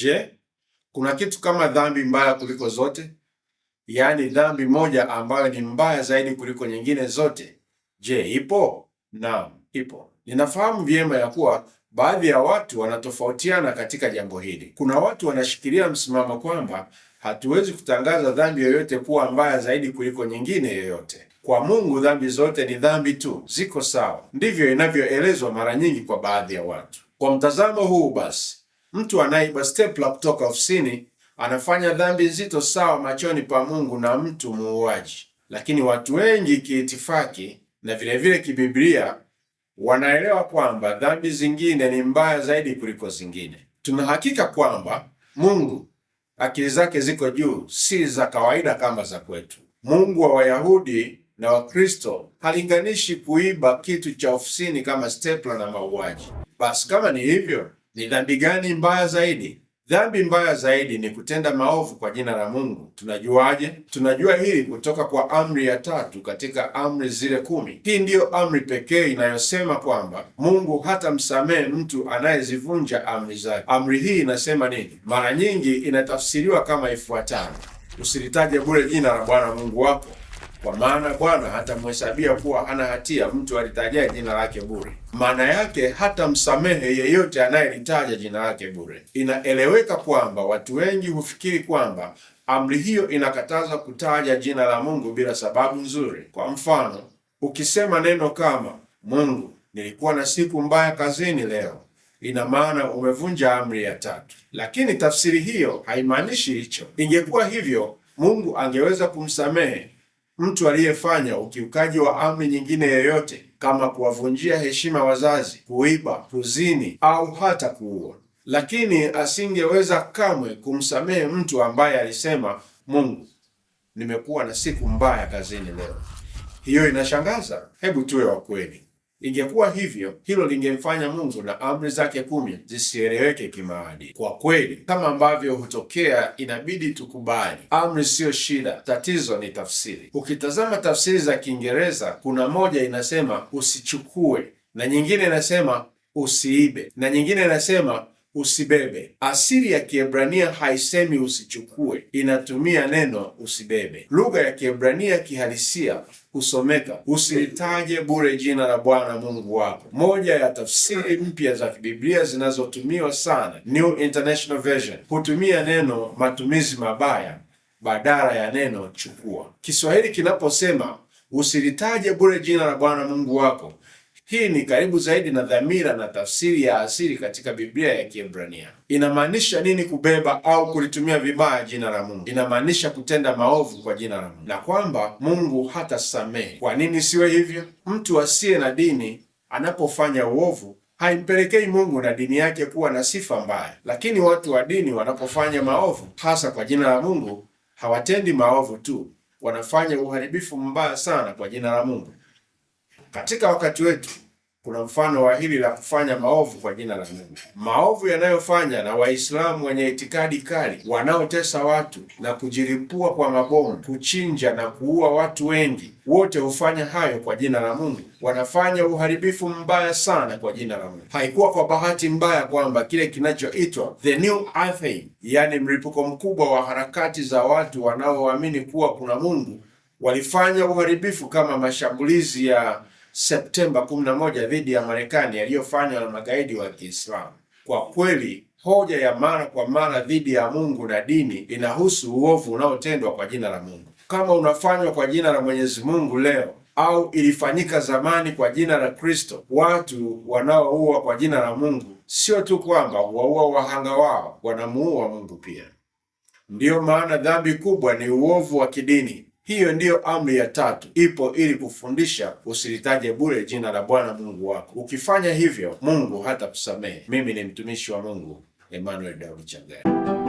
Je, kuna kitu kama dhambi mbaya kuliko zote? Yaani dhambi moja ambayo ni mbaya zaidi kuliko nyingine zote. Je, ipo? Naam, ipo. Ninafahamu vyema ya kuwa baadhi ya watu wanatofautiana katika jambo hili. Kuna watu wanashikilia msimamo kwamba hatuwezi kutangaza dhambi yoyote kuwa mbaya zaidi kuliko nyingine yoyote. Kwa Mungu dhambi zote ni dhambi tu, ziko sawa. Ndivyo inavyoelezwa mara nyingi kwa baadhi ya watu. Kwa mtazamo huu basi Mtu anayeiba stepla kutoka ofisini anafanya dhambi nzito sawa machoni pa Mungu na mtu muuaji, lakini watu wengi kiitifaki na vilevile kibiblia wanaelewa kwamba dhambi zingine ni mbaya zaidi kuliko zingine. Tuna hakika kwamba Mungu akili zake ziko juu, si za kawaida kama za kwetu. Mungu wa Wayahudi na Wakristo halinganishi kuiba kitu cha ofisini kama stepla na mauaji. Basi kama ni hivyo ni dhambi gani mbaya zaidi? Dhambi mbaya zaidi ni kutenda maovu kwa jina la Mungu. Tunajuaje? Tunajua hili kutoka kwa amri ya tatu katika amri zile kumi. Hii ndiyo amri pekee inayosema kwamba Mungu hatamsamehe mtu anayezivunja amri zake. Amri hii inasema nini? Mara nyingi inatafsiriwa kama ifuatavyo: usilitaje bure jina la Bwana Mungu wako. Kwa maana Bwana hatamhesabia kuwa hana hatia mtu alitajaye jina lake bure. Maana yake hatamsamehe yeyote anayelitaja jina lake bure. Inaeleweka kwamba watu wengi hufikiri kwamba amri hiyo inakataza kutaja jina la Mungu bila sababu nzuri. Kwa mfano, ukisema neno kama Mungu, nilikuwa na siku mbaya kazini leo, ina maana umevunja amri ya tatu. Lakini tafsiri hiyo haimaanishi hicho. Ingekuwa hivyo, Mungu angeweza kumsamehe mtu aliyefanya ukiukaji wa amri nyingine yoyote kama kuwavunjia heshima wazazi, kuiba, kuzini au hata kuua. Lakini asingeweza kamwe kumsamehe mtu ambaye alisema, Mungu, nimekuwa na siku mbaya kazini leo. Hiyo inashangaza. Hebu tuwe wa kweli. Ingekuwa hivyo, hilo lingemfanya Mungu na amri zake kumi zisieleweke kimaadili. Kwa kweli, kama ambavyo hutokea, inabidi tukubali, amri siyo shida, tatizo ni tafsiri. Ukitazama tafsiri za Kiingereza, kuna moja inasema usichukue, na nyingine inasema usiibe, na nyingine inasema usibebe. Asili ya Kiebrania haisemi usichukue, inatumia neno usibebe. Lugha ya Kiebrania kihalisia husomeka usilitaje bure jina la Bwana Mungu wako. Moja ya tafsiri mpya za kibiblia zinazotumiwa sana, New International Version, hutumia neno matumizi mabaya badala ya neno chukua. Kiswahili kinaposema usilitaje bure jina la Bwana Mungu wako hii ni karibu zaidi na dhamira na tafsiri ya asili katika Biblia ya Kiebrania. Inamaanisha nini kubeba au kulitumia vibaya jina la Mungu? Inamaanisha kutenda maovu kwa jina la Mungu na kwamba Mungu hatasamehe. Kwa nini siwe hivyo? Mtu asiye na dini anapofanya uovu haimpelekei Mungu na dini yake kuwa na sifa mbaya, lakini watu wa dini wanapofanya maovu, hasa kwa jina la Mungu, hawatendi maovu tu, wanafanya uharibifu mbaya sana kwa jina la Mungu. Katika wakati wetu kuna mfano wa hili la kufanya maovu kwa jina la Mungu, maovu yanayofanya na Waislamu wenye itikadi kali wanaotesa watu na kujilipua kwa mabomu, kuchinja na kuua watu wengi. Wote hufanya hayo kwa jina la Mungu, wanafanya uharibifu mbaya sana kwa jina la Mungu. Haikuwa kwa bahati mbaya kwamba kile kinachoitwa the new atheism, yaani mlipuko mkubwa wa harakati za watu wanaoamini kuwa kuna Mungu, walifanya uharibifu kama mashambulizi ya Septemba 11 dhidi ya Marekani yaliyofanywa na magaidi wa Kiislamu. Kwa kweli, hoja ya mara kwa mara dhidi ya Mungu na dini inahusu uovu unaotendwa kwa jina la Mungu. Kama unafanywa kwa jina la Mwenyezi Mungu leo au ilifanyika zamani kwa jina la Kristo, watu wanaoua kwa jina la Mungu sio tu kwamba waua wahanga wao, wanamuua Mungu pia. Ndiyo maana dhambi kubwa ni uovu wa kidini. Hiyo ndiyo amri ya tatu, ipo ili kufundisha usilitaje bure jina la Bwana Mungu wako. Ukifanya hivyo, Mungu hata kusamehe Mimi ni mtumishi wa Mungu Emmanuel Daudi Changari.